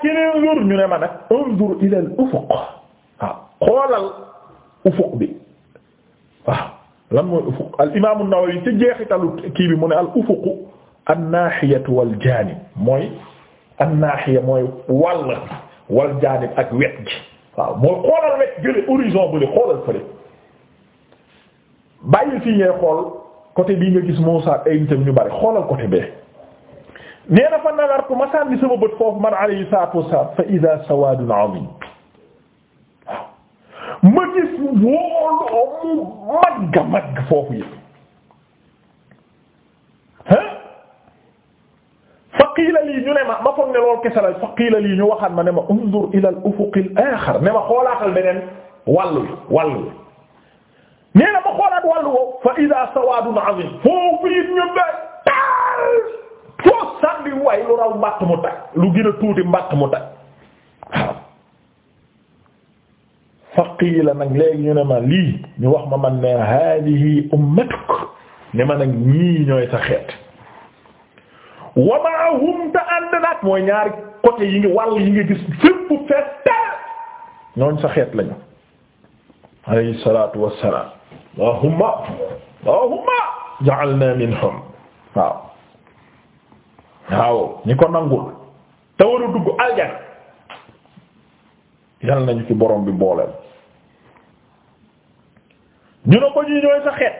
keneen lur ñu ne ma nag unzur ila al ufuq waaw xoolal ufuq bi waaw lan mooy ufuq al imam an ci jeexitalu kii bi mu ne al ufuq an-nahiyatu wal janib mooy an-nahiya mooy wàll wal janib ak wet gi waaw mooy xoolal wet jële horizon bu li xoolal fële bàyyi fii ngay xool côté bii nga gis Moussa ay nitam ñu bari xoolal côté bee nee na fa nadartu ma sànni sama bët foofu man alayhi salaatu wassalaam fa idaa sawaadun azim waaw ma gis mbooloo mu màgg a màgg foofu fa qiila lii ñu ne ma ma ne lool kese la fa qiila lii ñu waxaat ma ne ma ila al ufuq al aaxar ne ma xoolaatal beneen wàll ma xoolaat wàll woowu fa idaa sawaadun azim foo sànni way lu raw mbàtt mu tag lu gën tuuti mbàtt mu tag waaw faqiila nag léegi ñu ne ma lii ñu wax ma man ne hadihi ummatuk ne ma nag ñii ñooy sa xeet wa ma'ahum te ànd naat mooy ñaari côté yi ngi wàll yi ngi gis fépp fees tar ñooñ sa xeet lañu alayhi salaatu wassalaam allahumma allahumma ja'alna minhum waaw waaw ñi ko nangul te war dugg aljana yal nañu ci borom bi booleel ñu ne ko ñi ñooy sa xeet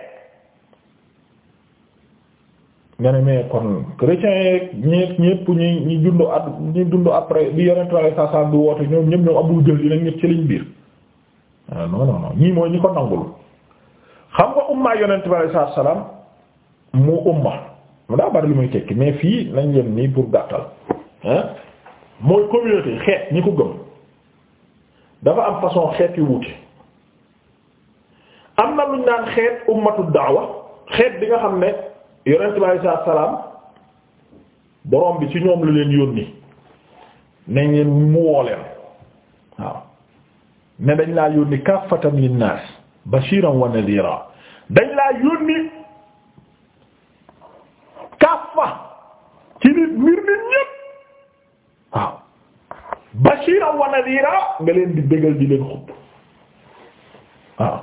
nga ne mais kon chrétiens yeeg ñeent ñépp ñi dund at ñi dund après bi yeneen traité saa saa du woote ñoom ñépp ñoom abul jël yi nag ñépp ci liñ biir ah non non ñii mooy ñi ko nangul xam nga ummaa yonent bi alayhi salaam mu umma. mu daa bari lu muy tekki mais fii nañ yem nii pour gàttal ah mooy communauté xeet ñi ko gëm dafa am façon xeet yu wuute am na luñ naan xeet ummatu daawa xeet bi nga xam ne yonent bi alayhi salaam borom bi ci ñoom la leen yónni nañ ngeen mu woo leen waaw ne dañ laa yónni kaffatan linnaas bashiran wa nadhira dañ laa yónni bashiran wa nadhira nga leen di bégal di leen xub waaw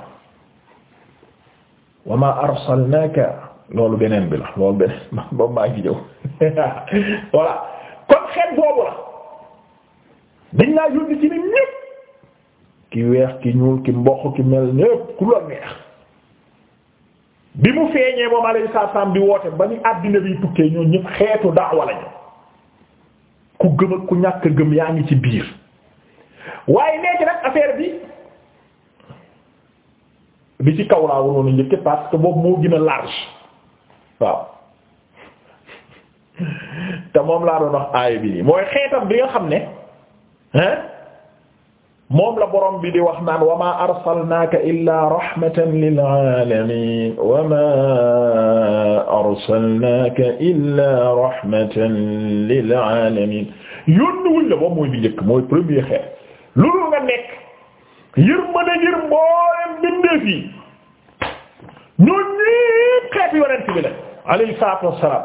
wa ma arsalnaka loolu beneen bi la loolu beneen boobu maa ngi jëw voilà kon xeet boobu la dañ laa yónni ci ni ñépp ki weex ki ñuul ki mboq ki mel ñépp ku lool neex bi mu feeñee moom alayhi salaam di woote ba ñu àddina bi tukkee ñoo ñépp xeetu daawa lañu ku gëm ku ñàkk gëm yaa ngi ci biir waaye léegi nag affaire bi bi ci kaw laa waroon a njëkk parce que boobu moo gën a large waaw te moom laa doon wax aaya bi nii mooy xeetam bi nga xam ne hein moom la borom bi di wax naan wa maa arsalnaaka illaa rahmatan lil aalamiin wa maa arsalnaaka illaa rahmatan lil aalamiin yónni wuñ la moom mooy bi njëkk mooy premier xeer loolu nga nekk yërmande ngir mboolem bindeef yi ñoo ñépp xeetu yonent bi la alayhi salaatu wassalaam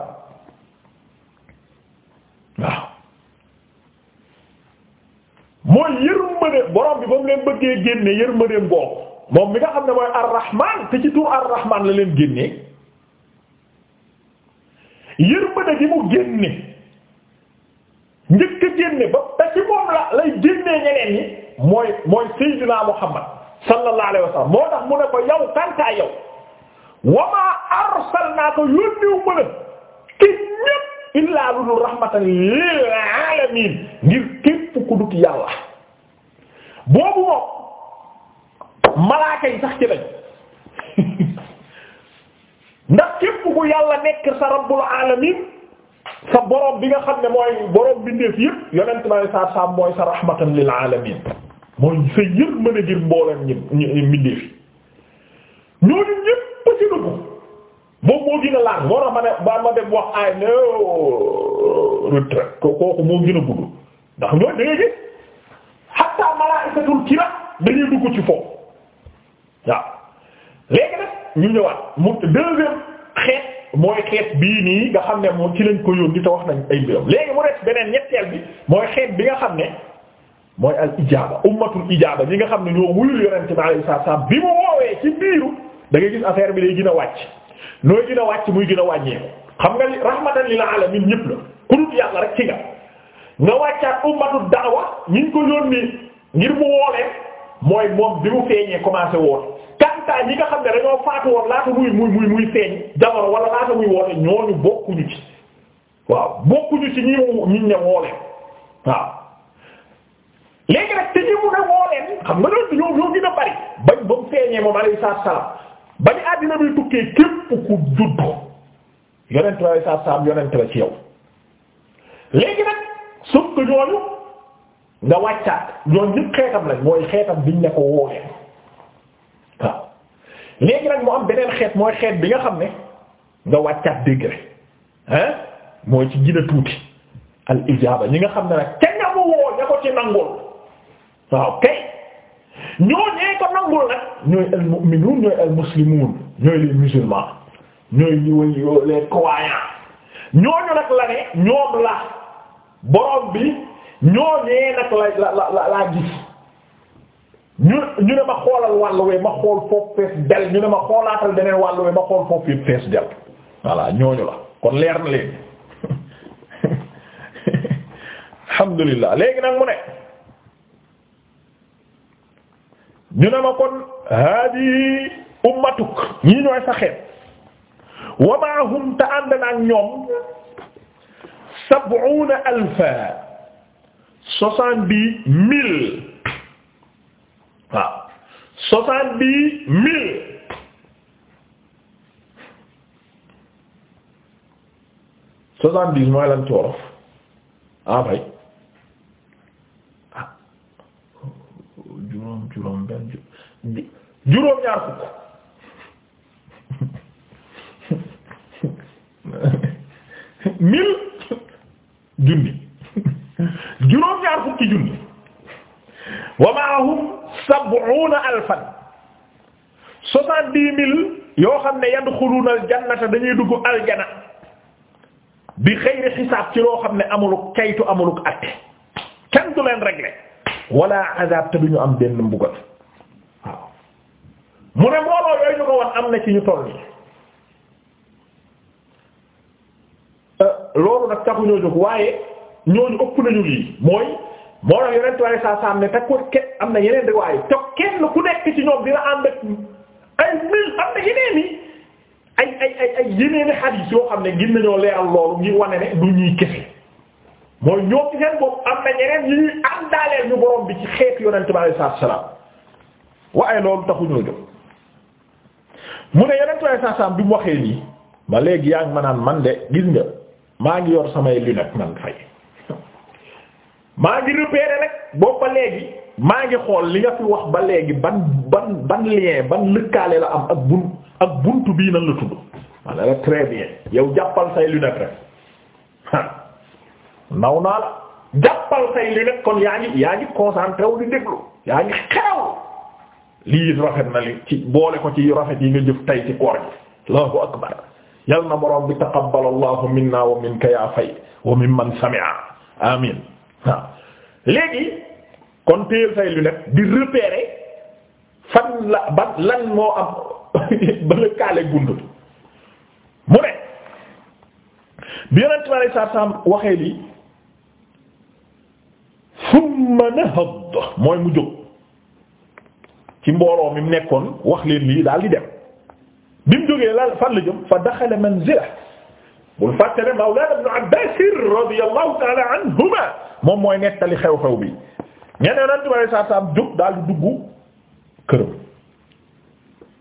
waaw mooy yërmande borom bi ba leen bëggee génne yërmandeem boobu moom mi nga xam ne mooy ar-rahman te ci tur ar la leen génnee yërmande gi mu génne njëkk a génne ba te ci moom la lay génnee ñeneen ñi mooy mooy sayyidina muhammad sallallahu alayhi wa sallam moo tax mu ne ko yow kantaa yow wamaa arsalnaaka yónniw mën a ki ñépp illaa lu dul rahmatan lil alamin ngir ku dut yàlla boobu malaaka yi sax ci lañ ndax képp ku yàlla nekk sa rabbul alamin sa borom bi nga xam ne mooy borom bindeef yëpp yonent bi sallallahu alayhi mooy sa rahmatan lil alamin mooy sa yërmande ngir mboolem ñi ñi bindeef yi ñooñu ñëpp ci dugg boobu moo gën a moo tax ma ne ba ma dem wax ay no retrait kooku moo gën a ndax ñooy da ngay gis hatta malaa'ikatul kiram dañuy dugg ci foofu waaw léegi nag ñu ñëwaat mu deuxième xeet mooy xeet bii nii nga xam ne moom ci lañ ko yónni te wax nañ ay mbiram léegi mu des beneen ñetteel bi mooy xeet bi nga xam ne mooy al ijaaba ummatul ijaaba ñi nga xam ne ñoo wuyul yonent bi alayhi salaam bi mu woowee ci biiru da ngay gis affaire bi day gin a wàcc nooy gën a wàcc muy gën a wàññeeku xam nga li rahmatan lil alamin ñëpp la ku dul yàlla rek ci nga. nga wàccaat ummatu da'wa ñi ñu ko yónni ngir mu woolee mooy moom bi mu feeñee commencé woote kantaa ñi nga xam ne dañoo faatu woon laata muy muy muy muy feeñ jamono wala laata muy woote ñooñu bokkuñu ci waaw bokkuñu ci ñi ñi ne woolee waaw léegi nag te ñi mu ne wooleen xam nga loolu ñoo ñoo gën a bari ba mu feeñee moom alayhi salaam bañ àddina bi tukkee képp ku judd yonent ba alayhi salaam yonent ba ci yow que ñooñu nga wàccaat ñooñu ñëpp xeetam lañ mooy xeetam biñ ne ko woolee waaw nag mu am beneen xeet mooy xeet bi nga xam ne nga wàccaat degré hein mooy ci gën a tuuti al ijaaba ñi nga xam ne nag kenn nga woo ña ko ci nangul waaw kay ñooñu nag la ne ñoom la borom bi ñooñee nag la la la laa gis ñu ñu ne ma xoolal wàll we ma xool foofu fees del ñu ne ma xoolaatal beneen wàll we ma xool foofu fees del voilà ñooñu la kon leer na leen alhamdulillah léegi nag mu ne ñu ne ma kon hadi ummatuk ñii ñooy sa xeet wa te ànd na ak ñoom sab'una alfa soixante-dix mille waaw soixante-dix mille soixante-dix mooy lan ci wolof ah bay ah juróom juróom benn juróom ñaar fukk mille junni juróom ñaar fukki junni wa ma'ahum sab'una alfan soixante-dix mille yoo xam ne yadxuluna aljannata dañuy dugg aljana bi xeyri xisaab ci loo xam ne amuluk kaytu amuluk atte kenn du leen régler wala azab te duñu am benn mbugal waaw mu ne mbooloo yooyu ñu ko am na ci ñu toll nii Euh, loolu nag taxu ñoo jóg waaye ñooñu ëpp nañu lii mooy moo tax yeneen tool yi saa saa am ne te ku ke am na yeneen riwaay te kenn ku nekk ci ñoom dina ànd ak ay mil xam ne gis nañoo leeral loolu ngir wane ne du ñuy kese mooy ñoo ci seen am na yeneen yu ñuy am ñu borom bi ci xeetu yonent bi alayhi salaatu salaam waaye loolu taxu ñoo jóg mu ne yonent bi saa salaatu bi mu waxee nii ba léegi yaa ngi ma naan man de gis nga. maa ngi yor samay lunette man fay maa ngi repérer rek boobu léegi maa ngi xool li nga fi wax ba léegi ban ban ban lien ban lëkkaale la am ak bun ak buntu bii nan la tudd walla la très bien yow jàppal say lunette rek naw naa la jàppal say lunette kon yaa ngi yaa ngi concentré wu di déglu yaa ngi xew lii rafet na li ci boole ko ci rafet yi nga jëf tay ci koor gi Allahu akbar yal na borom bi taqabbalallahu minna wa minka yaa fay wa mimman sami'a amin léegi kon téyel say lunette di repérer fan la ba lan moo am ba lëkkaale gund bi mu ne bi yonent bi alei satu salaam waxee lii summa nahad mooy mu jóg ci mbooloo mi nekkoon wax leen lii daal di dem bi mu jógee la fan la jëm fa daxala manzila bul fàtte ne mawlana ibn Abbas radiyallahu ta'ala anhuma moom mooy nettali xew-xew bi ñeneen Yonent bi sallallahu alayhi wa sallam jóg daal di dugg këram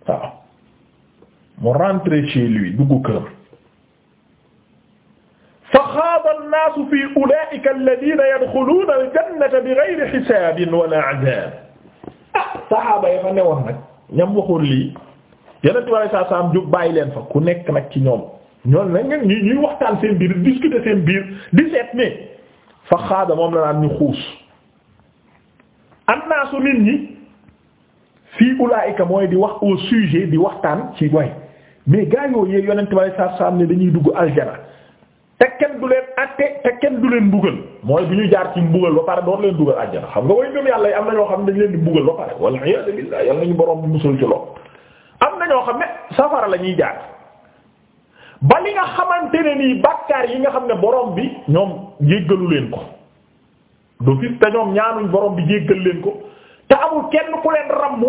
waaw mu rentré chez lui dugg këram fa xaaba an-naasu fi ulaa'ika alladhiina yadxuluuna al-jannata bighayri hisaabin wa laa 'adaab ah saxaaba ya fa newoon nag ñam waxoon lii yeneen tubaab yi saa saa am jóg bàyyi leen fa ku nekk nag ci ñoom ñoom nag ngeen ñuy ñuy waxtaan seen biir discuter seen biir di seet ne fa xaada moom la naan ñu xuus. annaasu nit ñi fii ulaayika mooy di wax au sujet di waxtaan ci way mais gaa yooyu yéen yeneen tubaab yi saa saa am ne dañuy dugg aljana te kenn du leen atte te kenn du leen mbugal mooy du ñu jaar ci mbugal ba pare doon leen dugal aljana xam nga way ñoom yàlla yi am na ñoo xam ne dañ leen di mbugal ba pare wal borom musul ci lool. am na ñoo xam ne safara la ñuy jaar ba li nga xamante ne nii bàkkaar yi nga xam ne borom bi ñoom jéggalu leen ko du fi te ñoom ñaanuñ borom bi jéggal leen ko te amul kenn ku leen rammu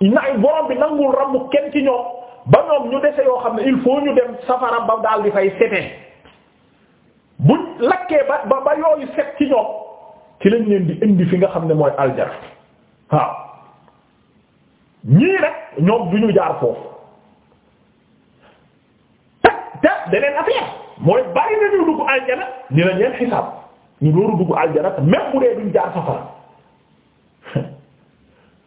na borom bi nangul rammu kenn ci ñoom ba ñoom ñu dese yoo xam ne il faut ñu dem safara ba daal di fay sete bu lakkee ba ba yooyu set ci ñoom ci lañ leen di indi fi nga xam ne mooy aljara waaw ñii nag ñoom du ñu jaar foofu te te beneen affaire mooy bari nañu dugg aljana dina ñeen xisaab ñu dooru dugg aljana même bu dee duñ jaar safara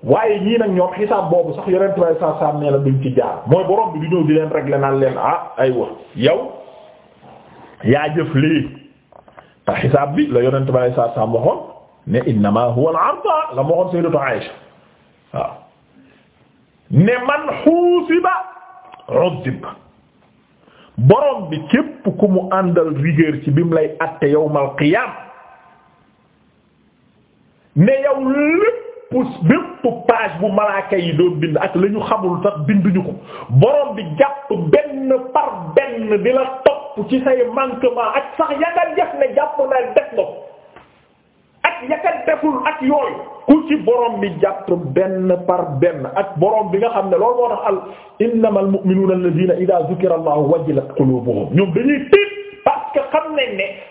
waaye ñii nag ñoom xisaab boobu sax yonent way sa sam nee na duñ ci jaar mooy borom bi du di leen régler naan leen ah ay wax yaa jëf lii te xisaab bi la yonent way sa sam waxoon ne innama huwa al-arda la ma waxoon sayyidatu Aisha waaw ne man xuusiba udib borom bi képp ku mu àndal rigueur ci bi mu lay atte yawmal qiyaam ne yow lépp bépp page bu malaaka yi doon bind ak la ñu xamul sax binduñu ko borom bi jàpp benn par benn di la topp ci say manquement ak sax yagal jëf ne jàpp na def nga ko ak yakat deful ak yooyu ku ci borom bi jàpp benn par benn ak borom bi nga xam ne loolu moo tax al innamal mu'minuna alladhina idha dhukira allahu wajilat qulubuhum ñoom dañuy tiit parce que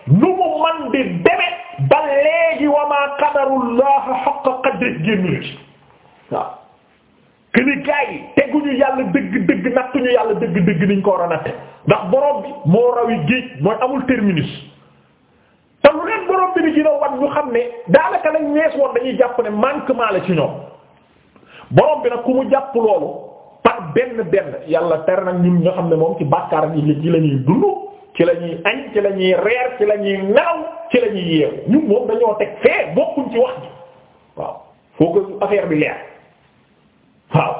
deme ba léegi wa ma qadarullah haqqa qadri génn ci waaw këni gaa yi teguñu yàlla dëgg dëgg nattuñu yàlla dëgg dëgg niñ ko war a natte ndax borom bi moo rawi géej terminus te lu leen borom bi di gën a ñu xam ne daanaka lañ ñees woon dañuy jàpp ne manquement la ci ñoom borom bi nag ku mu jàpp loolu par benn benn yàlla tere nag ñu nga xam ne moom ci bàkkaar yi ci la ñuy dund ci la añ ci la ñuy reer ci la ñuy nelaw ci la yeewu ñun moom dañoo teg fee bokkuñ ci wax ji waaw foo ko affaire bi leer waaw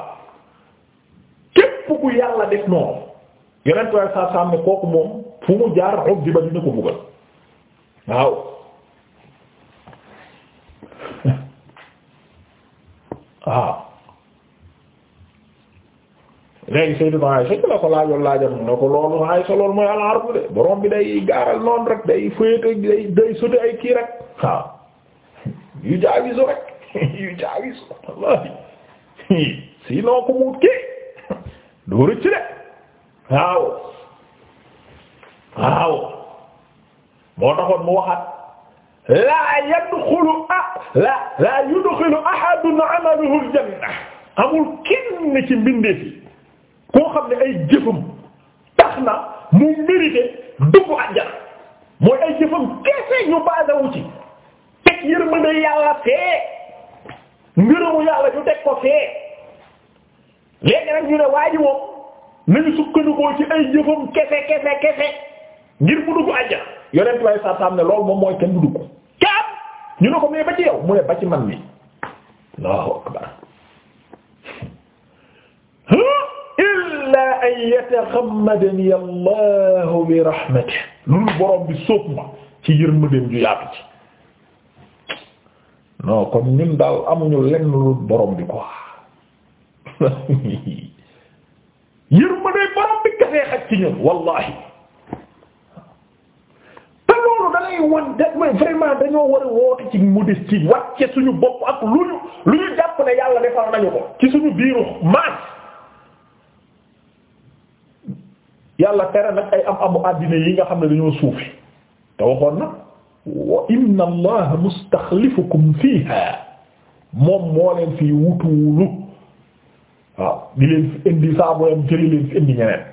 képp ku yàlla def noonu yeneen tool yi saa saa ne kooku moom fu mu jaar rob ba dina ko buggal. waaw waaw léegi Sayyidatu Aysa la ko laajoon laajoon mu ne ko loolu Aysa loolu mooy al-ardu de borom bi day gaaral noonu rek day féete day day ay kii rek waaw yu jaawisu rek yu jaawisu wallahi sinon ko muut kii doo rëcc de waaw moo taxoon mu waxaat laa yadxulu ah la laa yudxilu ahadun amaluhu aljanna amul kenn ci mbindeef yi koo xam ne ay jëfam tax na mu mérité dugg àjjana mooy ay jëfam kese ñu baasawu ci teg yërmande yàlla fee ngërëmu yàlla ñu teg ko fee léegi nag ñu ne waa ji moom nañu ci ay jëfam kese kese kese ngir mu dugg àjjana yonent way sa sam ne loolu moom mooy kenn du dugg kaat ñu ne ko mais ba ci yow mu ne ba ci man mi Allahu akbar illa an yataxammadani Allahu bi rahmatihi loolu borom bi sóob ma ci yërmandeem ju yaatu ci non kon ñun daal amuñu lenn lu borom bi quoi yërmandeem borom bi kese xaj ci ñun wallahi vraiment dañoo war a woote ci modestie wàcce suñu bopp ak lu ñu lu ñu jàpp ne yàlla defal nañu ko ci suñu biiru maas yàlla tere nag ay am amu àddina yi nga xam ne dañoo suufi te waxoon na wa inna allaha mustaxlifukum fiiha moom moo leen fi wutuwulu waaw di leen fi indi saabu leen jëli leen fi indi ñeneen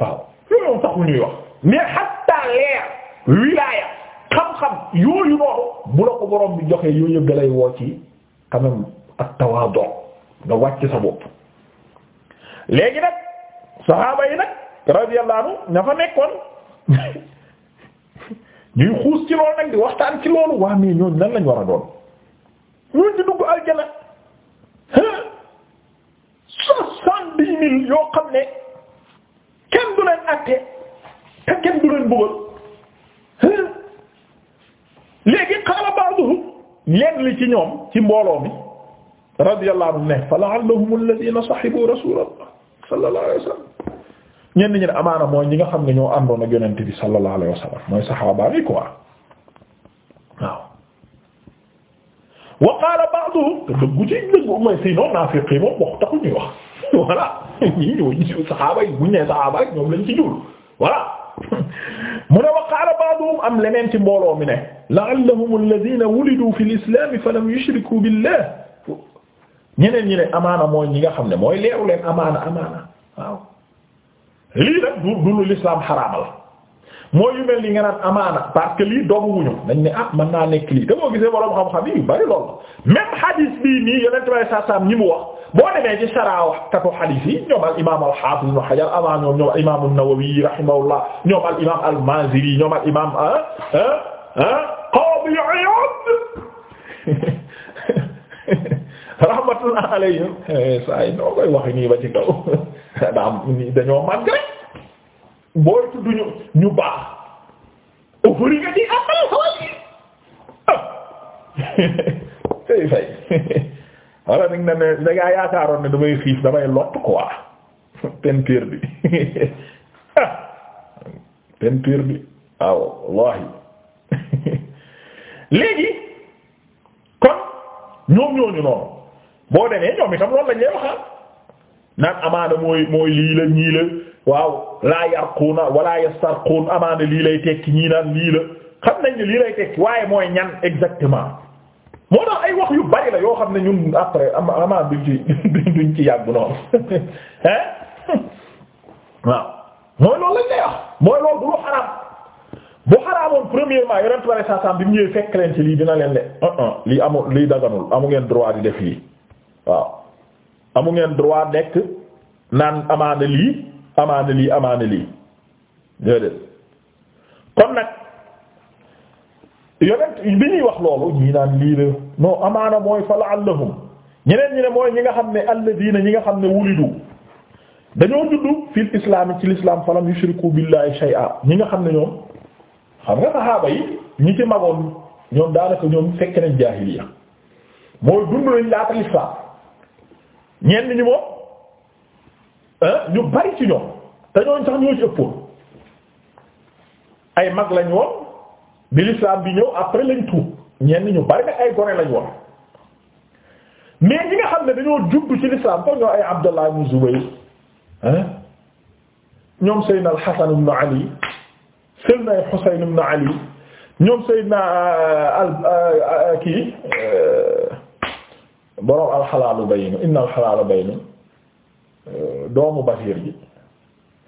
waaw loolu sax lu ñuy wax mais hatta leer wilaaya xam-xam yooyu noonu bu la ko borom bi joxee yooyu yëpp woo ci quand ak tawaadu nga wàcc sa bopp léegi nag saxaaba yi nag radiyallahu anhu fa nekkoon ñuy xuus ci loolu nag di waxtaan ci loolu waa mais ñooñu nan lañ war a doon ñooñu di dugg aljana soixante-dix mille yoo xam ne kenn du leen àtte kenn du leen bëggal léegi qaala ba'duhum lenn li ci ñoom ci mbooloo mi radiyallahu anhu ne fa la'allahum alladhina sahibu rasulallah sallallahu alayhi wasallam ñenn ñi ne amaana mooy ñi nga xam ne ñoo àndoon ak yonent bi sallallahu alayhi wasallam mooy saxaaba yi quoi waaw wa qaala ba'duhum te dëggu ci dëggu mooy sinon naafiq yi moom wax taxu ñuy wax voilà ñii ñoo saxaaba yi buñ nee saxaaba rek ñoom lañ ci jul voilà qaala ba'duhum am leneen ci mbooloo mi ne la'allahum alladhina wulidu fi l-islam falam yushriku billah ñeneen ñi ne amaana mooy ñi nga xam ne mooy leeru leen amaana amaana waaw lii nag du du lu l'islam xaraamal mooy yu mel ni nga amaana parce que lii doogu wuñu dañ ne ah mën naa nekk lii da moo gisee boroom xam-xam yi yu bari lool même hadith bii nii yonent bay saasaam ñi mu wax boo demee ci saraawkatu xadiis yi ñoom al imaam al xaafiz ibn Hajar avant ñoom ñoom al imaam an-Nawawi rahimahullah ñoom al imaam al Maaziri ñoom al imaam ah ah ah Qaadi Iyaad rahmatullah alayhim eh, saa yi noo koy wax nii ba ci kaw daa am nii dañoo màgg rek booy tudd ñu ñu baax ofuri nga di ah, amal xawal yi ah fay fay wala nag na ne da ngaa yaakaaroon ne damay xiif damay lott quoi peinture bi peinture bi waaw ah, wallahi léegi kon ñoom ñooñu noonu boo demee ñoom itam loolu lañ lay waxaat naan amaana lii ñii laa yarquuna wala yastarquun lay tekki ñii naan lii la xam nañ lii lay tekki waaye mooy ñan exactement moo tax ay wax yu bari la yoo xam ne ñun après am amaa duñ ci duñ ci yàgg noonu hein waaw mooy loolu lañ lay wax mooy loolu du lu xaraam bu xaraamoon premièrement yonent bi sallallahu alayhi wasallam mu ñëwee fekk leen ci lii dina leen ne un ah, ah, lii amul lii daganul amu ngeen droit di def lii waaw amu ngeen droit dekk naan amaana lii amaana lii amaana lii déedéet kon nag yonent bi ñuy wax loolu ñii naan lii la non amaana mooy fa la'allahum ñeneen ñi ne mooy ñi nga xam ne alladina ñi nga xam ne wulidu dañoo juddu fil islam ci l'islam falam yushriku billahi shay'a ñi nga xam ne ñoom xam nga saxaaba yi ñi ci magoon ñoom daanaka ñoom fekk nañ jaahiliya mooy dund lañ laata l'islam ñenn ñi moom ñu bari ci ñoom te ñooñ sax ñoo ci ëppoon ay mag lañ woon bi l'islam bi ñëw après lañ tuub ñenn ñu bari nag ay gone lañ woon mais ñi nga xam ne dañoo juddu ci l'islam ko ñoo ay Abdallah ibn Zubayr hein ñoom Seydina al-Hasan ibn Ali Seydina Husayn ibn Ali ñoom Seydina euh, al euh, euh, kii borom al-halaalu bayyin inna al-halaala bayyin doomu Bashir ji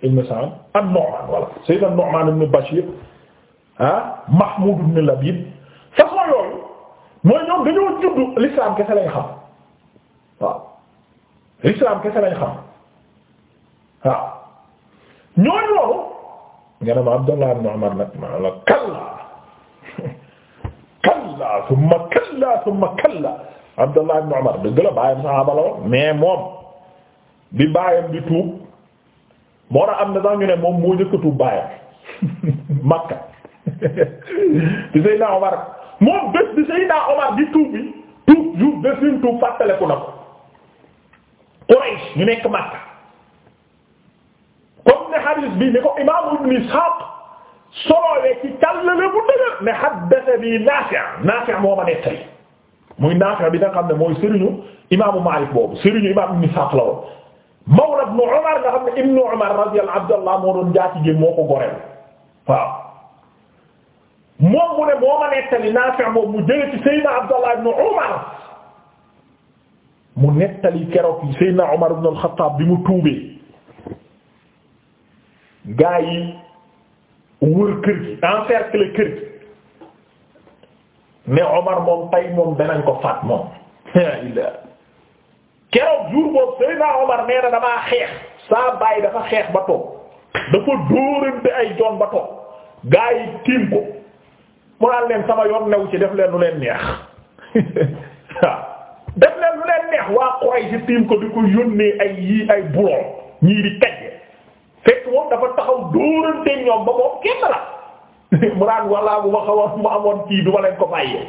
ibn Sa'd an-Nu'man walla Seydina Nu'man ibn Bashir ah Mahmoud ibn Labid façon yooyu mooy ñoom dañoo juddu l'islam kese lañ xam waaw l'islam kese lañ xam waaw ñooñu loolu nga ne ma Abdallah ibn Umar nag ma la kalla kalla thumma kalla thumma kalla Abdallah Umar dëgg la bàyyam saxaaba mais moom bi bàyyam bi tuub moo tax am na sax ñu ne moom moo njëkk tuub bàyyam Makka di Seydina Omar moom bés di Seydina Omar di tuub bi tuub yu bés yu tuub fàttaleku na ko Quraysh ñu nekk Makka comme ne hadith bi ni ko imaamu Ibn Ishaq solowee ci càllale bu dëgër ne haddathani Naafi' Naafi' moo ma nettali muy Naafi' bi nga xam ne mooy sëriñu imaamu Maalik boobu sëriñu imaamu Ibn Ishaq la woon mawla Ibn Umar nga Umar radiyallahu anhu Abdallah moo doon jaati gi moo ko goreel moom mu ne moo ma nettali Naafi' moom mu jëlee ci Seydina Abdallah ibn Umar mu nettali keroog yi Seydina bi mu tuubee gaa yi wër kër gi encercler kër gi mais Omar moom tay keroog jour boobu nee na damaa xeex saa bàyyi dafa xeex ba toog dafa dóorante ay joon ba toog gaa tiim ko mu naan leen sama yoon new ci def leen lu leen neex waaw def leen lu leen neex waa Quraysh si tiim ko di ko yónnee ay yii ay bulon ñii di kaj fekk moom dafa taxaw dóorante ñoom ba moom kenn la mu naan walla bu ma xawoon mu amoon kii du ma leen ko bàyyee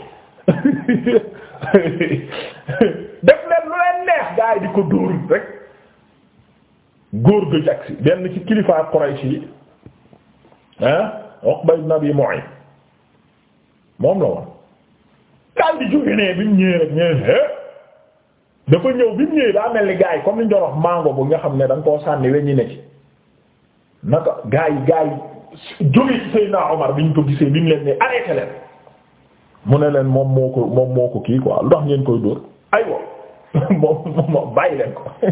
def leen lu leen neex gaa yi di ko dóor rek góor ga jagsi benn ci kilifa Quraysh yi ah Uqba ibn Abi Mu'ayt moom la woon daal di jóge nee bi mu ñëwee rek ñëwee hé dafa ñëw bi mu ñëwee daa mel ni gaa yi comme ni ñu doon mango bu nga xam ne da nga koo sànni weññi ne ci naka gaa yi gaa yi jóge ci Seydina Omar bi ñu ko gisee bi mu leen ne leen mu ne leen moom moo ko moom moo ko kii quoi lu tax ngeen koy dóor aywa moom moom bàyyi leen ko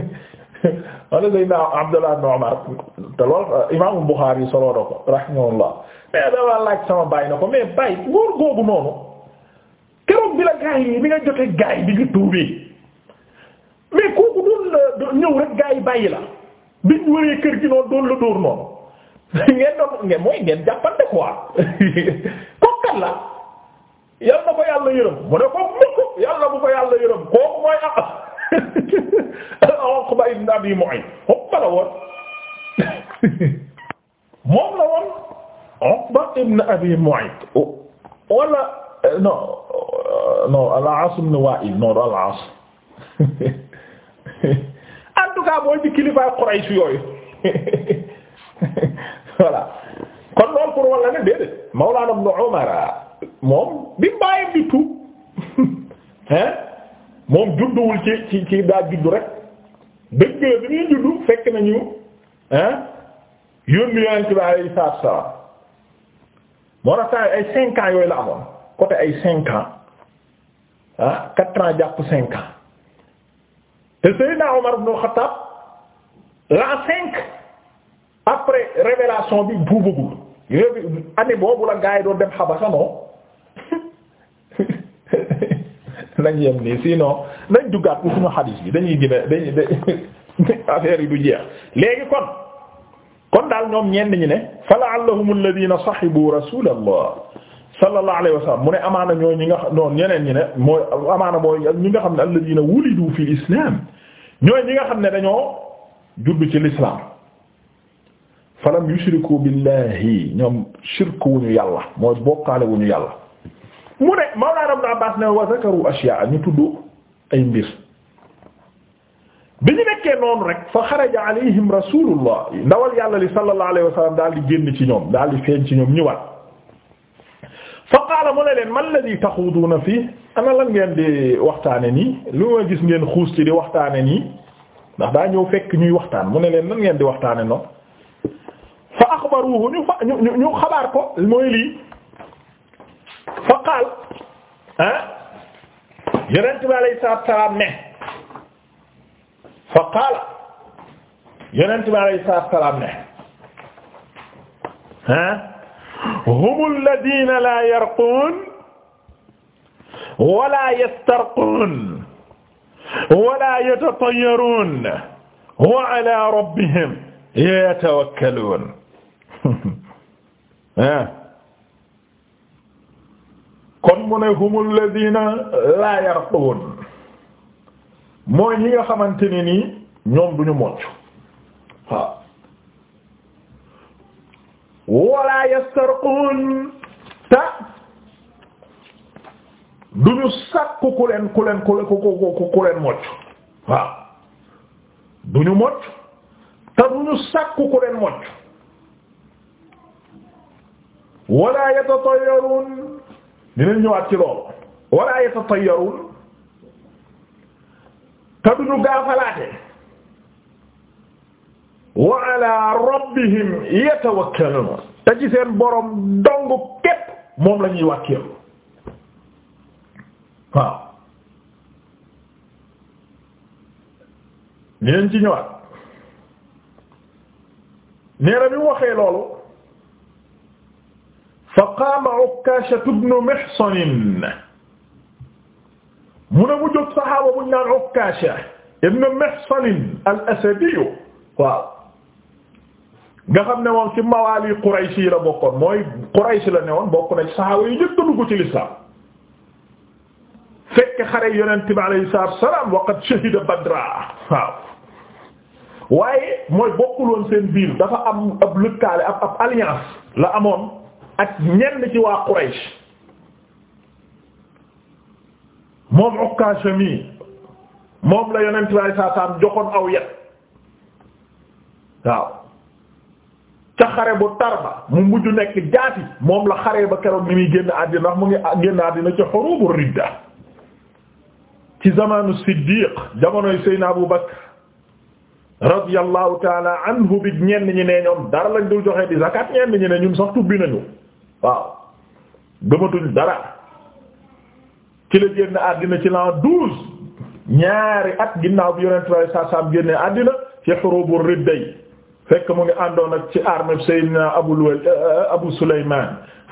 wala Seydina Abdullah ibn Umar te lool uh, Imaamu Buxaari soloo na ko rahimahullah mais dama laaj sama baay na ko mais baay góor googu noonu keroog bi la gaa yi bi nga jotee gaa yi bi nga tuubee mais kooku doon uh, ñëw rek gaa gi noonu doon la dóor noonu ngeen doon ngeen mooy ngeen jàppante quoi kokkat la yal na ko yàlla yërëm mu ne ko mukk yal na bu ko yàlla yërëm kooku mooy ah Uqba ibn Abi Mu'ayt Uqba la woon moom la woon Uqba ibn Abi Mu'ayt wala non non al-As ibn Wa'il non al-As en tout cas mooy ci kilifa Quraysh yooyu voilà kon loolu pour wala ne déedéet Mawlana ibn Umar moom bi bàyyi bi tuub hein moom judduwul ci ci ci daa juddu rek dëgg la bi ñuy juddu fekk nañu ah yónni yonent bi alayhi salaatu salaam moo tax ay cinq ans yooyu la amoon côté ay cinq ans quatre ans jàpp cinq ans te Seydina Omar ibn Khattab l'an cinq après révélation bi buubagul yooyu année boobu la gaa yi doon dem Habasa non. nañ yem nii sinon nañ duggaat bu suñu xadiis bi dañuy gën a dañuy affaire yi du jeex léegi kon kon daal ñoom ñenn ñi ne fa la'allahum alladhina sahibu rasulallah sallallahu alayhi wa sallam mu ne amaana ñoo ñi nga xam noonu ñeneen ñi ne mooy amaana mooy ñi nga xam ne alladhina wulidu fil islam ñooy ñi nga xam ne dañoo judd ci l'islam falam yushriku billahi ñoom shirku wuñu yàlla mooy bokkaale wuñu yàlla mu ne Mawlana Ibn Abbas ne wa zakaru ashyaa ñu tudd ay mbir bi ñu nekkee noonu rek fa xaraja alayhim rasulullah ndawal yàlla li sallallahu alayhi wa daal di génn ci ñoom daal di feeñ ci ñoom ñëwaat fa qaala mu ne leen man alladhi na fii ana lan ngeen di waxtaane nii lu ma gis ngeen xuus ci di waxtaane nii ndax daa ñëw fekk ñuy waxtaan mu ne leen lan ngeen di waxtaane noonu fa axbaruhu ñu fa ñu ñu xabaar ko mooy lii fa qaal ah yonent bi alayhi salaatu salaam ne fa qaala yonent bi alayhi salaatu salaam ne ah humul ladiina laa yarquun wala yastarquun wala yatatayyaruun wa alaa rabbihim yatawakkaluun ah kon mu ne humul ladina la yarqun mooy ñi nga xamante ne nii ñoom duñu mocc waaw wala yastarqun ta duñu sàkku ku leen ku leen ku ku ku leen mocc waaw duñu mocc te duñu sàkku ku leen mocc wala yatatayyarun dinañ ñëwaat ci loolu wala yatatayarun te duñu gaafalaate wa ala rabbihim yatawakkalun te ci seen borom dong képp moom la ñuy wàkkeelu waaw dinañ ci ñëwaat neera bi waxee loolu fa qaama Ukkaasha ibnu Mihsan mu ne mu jóg saxaaba bu ñu naan Ukkaasha ibnu Mihsan al-Asadi waaw nga xam ne moom ci mawaali Quraysh yi la bokkoon mooy Quraysh la ne woon bokk na ci saxaaba yi njëkk a dugg ci lislaam fekk xare Yonent bi alayhi salaatu wa salaam wa qad shahida Badra waaw waaye mooy bokkul woon seen biir dafa am ab lëkkaale ab ab alliance la amoon. ak ñenn ci waa Quraysh moom Ukkaasha mi moom la yonent bi saa saam joxoon aw yet waaw ca xare bu tar ba mu mujj nekk jaati moom la xare ba keroog ni muy génn àddina mu ngi génn àddina ci xurubu ridda ci zamanu Siddiq jamonoy Seydina Abu Bakr radiyallahu taala anhu bi ñenn ñi ne ñoom dara lañ dul joxe di zakat ñenn ñi ne ñun sax tubbi nañu waaw gëmatuñ dara ci la génn àddina ci l'an douze ñaari at ginnaaw bi yonent bi saa saam génne àddina ci xurubu ridday fekk mu ngi àndoon ak ci armée Seydina Abu Abu Sulaymaan